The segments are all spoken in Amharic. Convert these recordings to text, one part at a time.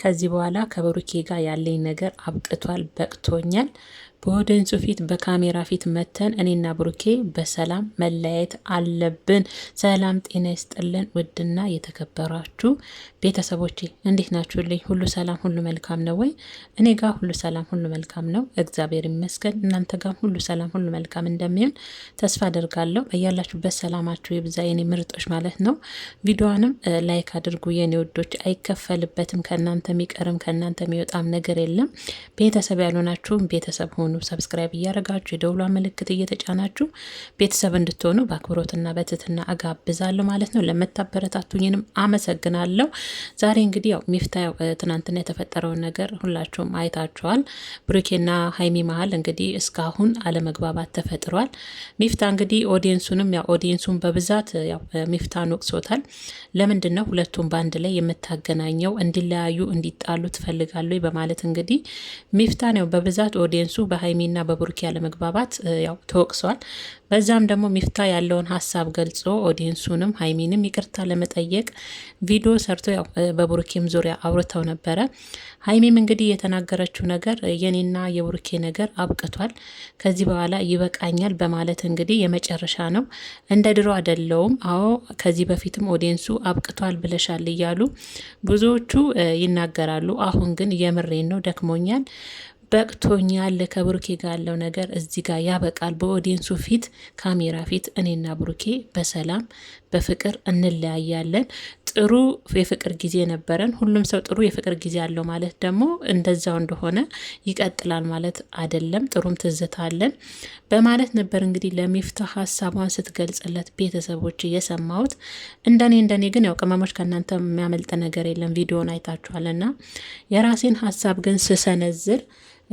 ከዚህ በኋላ ከብሩኬ ጋር ያለኝ ነገር አብቅቷል፣ በቅቶኛል። በወደንጹ ፊት በካሜራ ፊት መተን እኔና ብሩኬ በሰላም መለያየት አለብን። ሰላም ጤና ይስጥልን። ውድና የተከበራችሁ ቤተሰቦቼ እንዴት ናችሁልኝ? ሁሉ ሰላም፣ ሁሉ መልካም ነው ወይ? እኔ ጋር ሁሉ ሰላም፣ ሁሉ መልካም ነው፣ እግዚአብሔር ይመስገን። እናንተ ጋር ሁሉ ሰላም፣ ሁሉ መልካም እንደሚሆን ተስፋ አደርጋለሁ። እያላችሁበት ሰላማችሁ የብዛ የኔ ምርጦች ማለት ነው። ቪዲዮንም ላይክ አድርጉ የኔ ውዶች፣ አይከፈልበትም። ከእናንተ የሚቀርም ከእናንተ የሚወጣም ነገር የለም። ቤተሰብ ያልሆናችሁም ቤተሰብ ሆኑ እንድትሆኑ ሰብስክራይብ እያደረጋችሁ የደውሏ ምልክት እየተጫናችሁ ቤተሰብ እንድትሆኑ በአክብሮትና በትህትና እጋብዛለሁ ማለት ነው። ለምታበረታቱኝንም አመሰግናለሁ። ዛሬ እንግዲህ ያው ሚፍታ ትናንትና የተፈጠረውን ነገር ሁላችሁም አይታችኋል። ብሩኬና ሀይሚ መሀል እንግዲህ እስካሁን አለመግባባት ተፈጥሯል። ሚፍታ እንግዲህ ኦዲየንሱንም ያው ኦዲየንሱን በብዛት ያው ሚፍታን ወቅሶታል። ለምንድን ነው ሁለቱም በአንድ ላይ የምታገናኘው? እንዲለያዩ እንዲጣሉ ትፈልጋሉ በማለት እንግዲህ ሚፍታን ያው በብዛት ኦዲየንሱ በሀይሚና በብሩኬ ያለመግባባት ያው ተወቅሰዋል። በዛም ደግሞ ሚፍታ ያለውን ሀሳብ ገልጾ ኦዲየንሱንም ሀይሚንም ይቅርታ ለመጠየቅ ቪዲዮ ሰርቶ ያው በብሩኬም ዙሪያ አውርተው ነበረ። ሀይሚም እንግዲህ የተናገረችው ነገር የኔና የብሩኬ ነገር አብቅቷል፣ ከዚህ በኋላ ይበቃኛል በማለት እንግዲህ የመጨረሻ ነው፣ እንደ ድሮ አይደለውም። አዎ ከዚህ በፊትም ኦዲየንሱ አብቅቷል ብለሻል እያሉ ብዙዎቹ ይናገራሉ። አሁን ግን የምሬን ነው ደክሞኛል በቅቶኛል። ከብሩኬ ጋር ያለው ነገር እዚህ ጋር ያበቃል። በኦዲየንሱ ፊት ካሜራ ፊት እኔና ብሩኬ በሰላም በፍቅር እንለያያለን። ጥሩ የፍቅር ጊዜ ነበረን። ሁሉም ሰው ጥሩ የፍቅር ጊዜ አለው ማለት ደግሞ እንደዛው እንደሆነ ይቀጥላል ማለት አይደለም። ጥሩም ትዝታ አለን በማለት ነበር እንግዲህ ለሚፍታህ ሀሳቧን ስትገልጽለት ቤተሰቦች የሰማሁት። እንደኔ እንደኔ ግን ያው ቅመሞች ከእናንተ የሚያመልጥ ነገር የለም። ቪዲዮን አይታችኋልና የራሴን ሀሳብ ግን ስሰነዝር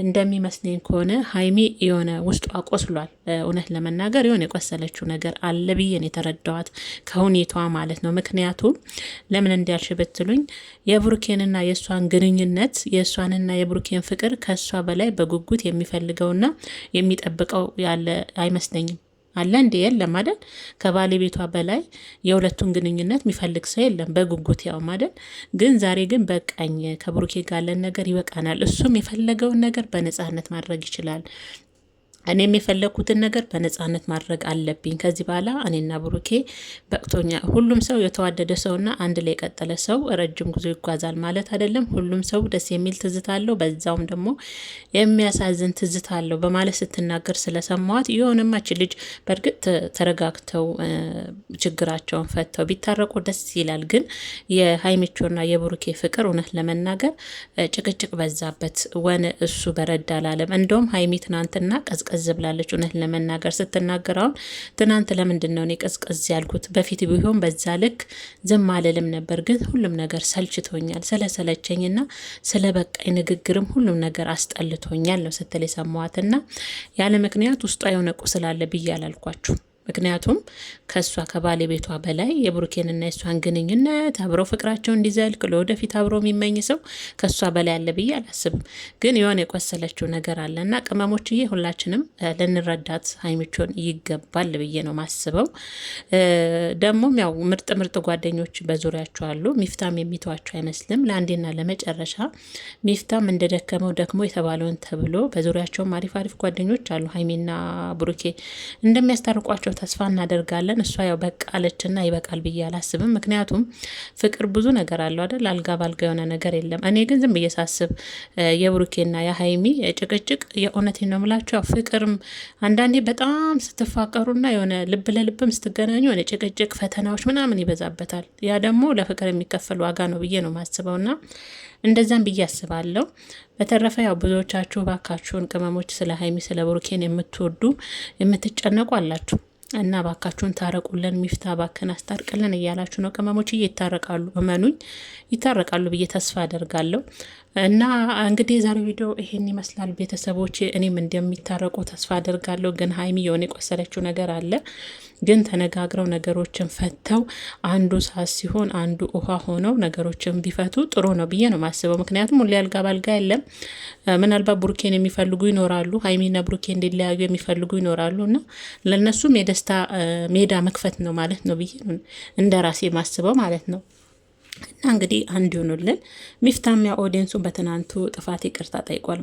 እንደሚመስለኝ ከሆነ ሀይሚ የሆነ ውስጧ ቆስሏል። እውነት ለመናገር የሆነ የቆሰለችው ነገር አለ ብዬን የተረዳዋት ከሁኔቷ ማለት ነው። ምክንያቱም ለምን እንዲያልሽ ብትሉኝ የብሩኬንና የእሷን ግንኙነት የእሷንና የብሩኬን ፍቅር ከእሷ በላይ በጉጉት የሚፈልገውና የሚጠብቀው ያለ አይመስለኝም። አለ እንዴ? የለም አይደል? ከባለቤቷ በላይ የሁለቱን ግንኙነት የሚፈልግ ሰው የለም። በጉጉት ያው ማደል ግን ዛሬ ግን በቃኝ፣ ከብሩኬ ጋር ያለን ነገር ይበቃናል። እሱም የፈለገውን ነገር በነጻነት ማድረግ ይችላል። እኔም የፈለግኩትን ነገር በነፃነት ማድረግ አለብኝ። ከዚህ በኋላ እኔና ብሩኬ በቅቶኛ። ሁሉም ሰው የተዋደደ ሰውና አንድ ላይ የቀጠለ ሰው ረጅም ጉዞ ይጓዛል ማለት አይደለም። ሁሉም ሰው ደስ የሚል ትዝታ አለው፣ በዛውም ደግሞ የሚያሳዝን ትዝታ አለው በማለት ስትናገር ስለሰማዋት የሆነማች ልጅ በእርግጥ ተረጋግተው ችግራቸውን ፈተው ቢታረቁ ደስ ይላል። ግን የሀይሚቾና የብሩኬ ፍቅር እውነት ለመናገር ጭቅጭቅ በዛበት። ወን እሱ በረዳ ላለም እንደውም ሀይሚ ትናንትና ቀዝቀዝ ቀዝቀዝ ብላለች። እውነት ለመናገር ስትናገር አሁን ትናንት ለምንድን ነው እኔ ቀዝቀዝ ያልኩት? በፊት ቢሆን በዛ ልክ ዝም አልልም ነበር፣ ግን ሁሉም ነገር ሰልችቶኛል። ስለሰለቸኝና ስለ በቃኝ ንግግርም ሁሉም ነገር አስጠልቶኛል ነው ስትል የሰማዋትና ያለ ምክንያት ውስጧ የሆነ ቁስል አለ ብዬ አላልኳችሁ። ምክንያቱም ከእሷ ከባለቤቷ በላይ የብሩኬንና የእሷን ግንኙነት አብረው ፍቅራቸው እንዲዘልቅ ለወደፊት አብሮ የሚመኝ ሰው ከእሷ በላይ አለ ብዬ አላስብም። ግን የሆነ የቆሰለችው ነገር አለ እና ቅመሞችዬ፣ ሁላችንም ልንረዳት ሀይሚቾን ይገባል ብዬ ነው ማስበው። ደግሞም ያው ምርጥ ምርጥ ጓደኞች በዙሪያቸው አሉ። ሚፍታም የሚተዋቸው አይመስልም። ለአንዴና ለመጨረሻ ሚፍታም እንደደከመው ደክሞ የተባለውን ተብሎ በዙሪያቸውም አሪፍ አሪፍ ጓደኞች አሉ። ሀይሚና ብሩኬ እንደሚያስታርቋቸው ተስፋ እናደርጋለን። እሷ ያው በቃለችና ይበቃል ብዬ አላስብም። ምክንያቱም ፍቅር ብዙ ነገር አለው አይደል? አልጋ ባልጋ የሆነ ነገር የለም። እኔ ግን ዝም ብዬ ሳስብ የብሩኬና የሀይሚ ጭቅጭቅ የእውነት ነው የምላቸው። ፍቅርም አንዳንዴ በጣም ስትፋቀሩና የሆነ ልብ ለልብም ስትገናኙ የሆነ ጭቅጭቅ፣ ፈተናዎች ምናምን ይበዛበታል። ያ ደግሞ ለፍቅር የሚከፈል ዋጋ ነው ብዬ ነው ማስበውና እንደዛም ብዬ አስባለሁ። በተረፈ ያው ብዙዎቻችሁ ባካችሁን ቅመሞች ስለ ሀይሚ ስለ ብሩኬን የምትወዱ የምትጨነቁ አላችሁ እና ባካችሁን ታረቁልን፣ ሚፍታ ባክን አስታርቅልን እያላችሁ ነው። ቅመሞች እየታረቃሉ፣ እመኑኝ ይታረቃሉ ብዬ ተስፋ አደርጋለሁ። እና እንግዲህ የዛሬ ቪዲዮ ይሄን ይመስላል ቤተሰቦች። እኔም እንደሚታረቁ ተስፋ አደርጋለሁ። ግን ሀይሚ የሆነ የቆሰለችው ነገር አለ። ግን ተነጋግረው ነገሮችን ፈተው አንዱ ሳስ ሲሆን አንዱ ውሃ ሆነው ነገሮችን ቢፈቱ ጥሩ ነው ብዬ ነው ማስበው። ምክንያቱም ሁሌ አልጋ ባልጋ የለም። ምናልባት ቡርኬን የሚፈልጉ ይኖራሉ፣ ሀይሚና ቡርኬ እንዲለያዩ የሚፈልጉ ይኖራሉ። እና ለእነሱም የደስታ ሜዳ መክፈት ነው ማለት ነው ብዬ እንደ ራሴ ማስበው ማለት ነው። እና እንግዲህ አንድ ይሆኑልን። ሚፍታሚያ ኦዲየንሱ በትናንቱ ጥፋት ይቅርታ ጠይቋል።